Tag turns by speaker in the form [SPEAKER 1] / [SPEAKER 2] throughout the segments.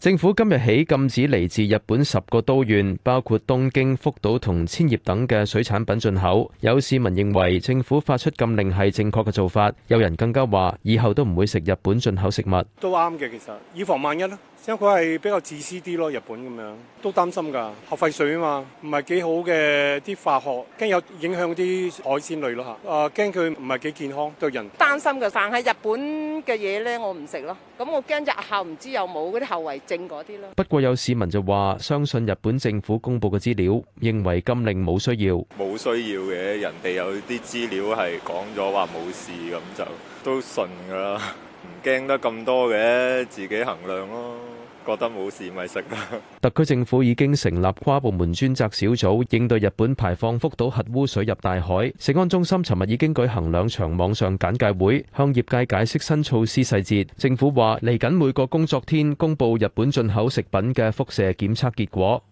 [SPEAKER 1] 政府今日起禁止嚟自日本十個都縣，包括東京、福島同千葉等嘅水產品進口。有市民認為政府發出禁令係正確嘅做法，有人更加話以後都唔會食日本進口食物。
[SPEAKER 2] 都啱嘅，其實以防萬一啦。因為佢係比較自私啲咯，日本咁樣都擔心㗎，核廢水啊嘛，唔係幾好嘅啲化學，驚有影響啲海鮮類咯吓。啊，驚佢唔係幾健康對人。
[SPEAKER 3] 擔心㗎，但係日本嘅嘢咧，我唔食咯。咁我驚日後唔知有冇嗰啲後遺症嗰啲咯。
[SPEAKER 1] 不過有市民就話，相信日本政府公布嘅資料，認為禁令冇需要。
[SPEAKER 2] 冇需要嘅，人哋有啲資料係講咗話冇事咁就都信㗎啦。唔驚得咁多嘅，自己衡量咯，覺得冇事咪食啦。
[SPEAKER 1] 特區政府已經成立跨部門專責小組，應對日本排放福島核污水入大海。食安中心尋日已經舉行兩場網上簡介會，向業界解釋新措施細節。政府話嚟緊每個工作天公佈日本進口食品嘅輻射檢測結果。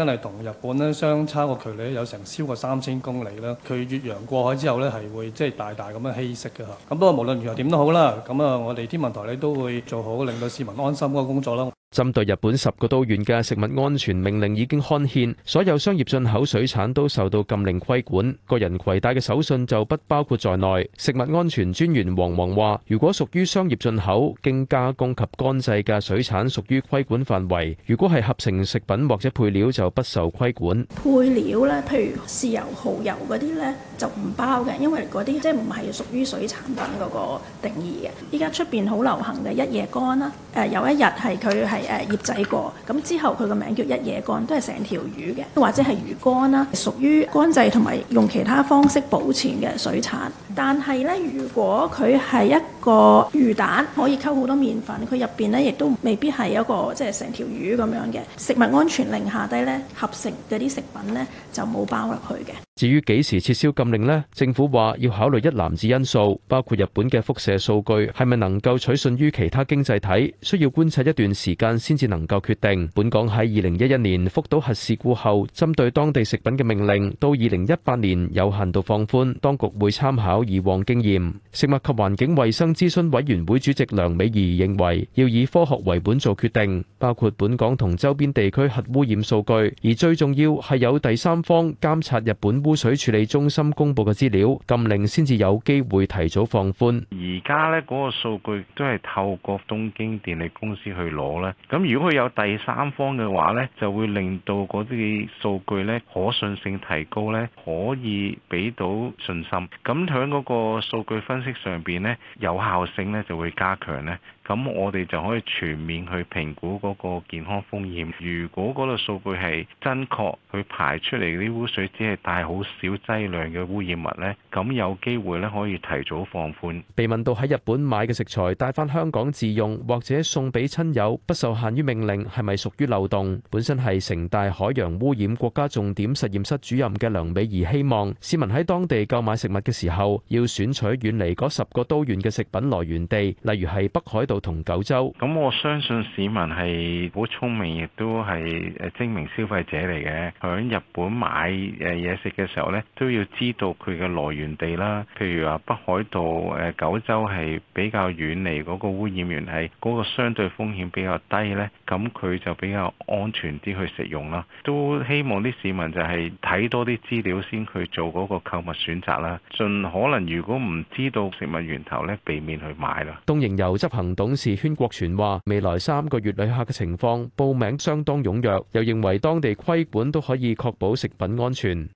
[SPEAKER 2] 真係同日本咧，相差個距離有成超過三千公里啦，佢越洋過海之後咧，係會即係大大咁樣稀釋嘅吓。咁不過無論如何點都好啦，咁啊我哋天文台咧，都會做好令到市民安心個工作啦。
[SPEAKER 1] 針對日本十個都縣嘅食物安全命令已經刊憲，所有商業進口水產都受到禁令規管，個人攜帶嘅手信就不包括在內。食物安全專員黃黃話：，如果屬於商業進口，經加工及乾製嘅水產，屬於規管範圍；，如果係合成食品或者配料，就不受規管。
[SPEAKER 3] 配料呢，譬如豉油、蚝油嗰啲呢，就唔包嘅，因為嗰啲即係唔係屬於水產品嗰個定義嘅。依家出邊好流行嘅一夜乾啦，誒，有一日係佢係。誒、嗯、醃製過，咁之後佢個名叫一夜乾，都係成條魚嘅，或者係魚乾啦，屬於乾製同埋用其他方式保存嘅水產。但係咧，如果佢係一個魚蛋，可以溝好多麵粉，佢入邊咧亦都未必係一個即係成條魚咁樣嘅。食物安全令下低咧，合成嗰啲食品咧就冇包入去嘅。
[SPEAKER 1] 至於幾時撤銷禁令咧，政府話要考慮一籃子因素，包括日本嘅輻射數據係咪能夠取信於其他經濟體，需要觀察一段時間先至能夠決定。本港喺二零一一年福島核事故後，針對當地食品嘅命令，到二零一八年有限度放寬，當局會參考以往經驗，食物及環境衞生諮詢委員會主席梁美儀認為，要以科學為本做決定，包括本港同周邊地區核污染數據，而最重要係有第三方監察日本污水處理中心公布嘅資料，禁令先至有機會提早放寬。
[SPEAKER 2] 而家呢個數據都係透過東京電力公司去攞呢，咁如果佢有第三方嘅話呢，就會令到嗰啲數據呢可信性提高呢，可以俾到信心。咁響嗰個數據分析上邊咧，有效性咧就會加強咧。咁我哋就可以全面去評估嗰個健康風險。如果嗰個數據係真確，佢排出嚟嗰啲污水只係帶好少劑量嘅污染物咧，咁有機會咧可以提早放寬。被
[SPEAKER 1] 問到喺日本買嘅食材帶翻香港自用或者送俾親友，不受限於命令係咪屬於漏洞？本身係城大海洋污染國家重點實驗室主任嘅梁美儀希望市民喺當地購買食物嘅時候，要選取遠離嗰十個都縣嘅食品
[SPEAKER 2] 來源地，例如係北海道，同九州，咁我相信市民係好聰明，亦都係誒精明消費者嚟嘅。響日本買誒嘢食嘅時候咧，都要知道佢嘅來源地啦。譬如話北海道誒九州係比較遠離嗰個污染源，係嗰個相對風險比較低咧，咁佢就比較安全啲去食用啦。都希望啲市民就係睇多啲資料先去做嗰個購物選擇啦。盡可能如果唔知道食物源頭咧，避免
[SPEAKER 1] 去買啦。東營油執行。董事圈國傳話，未來三個月旅客嘅情況報名相當踴躍，又認為當地規管都可以確保食品安全。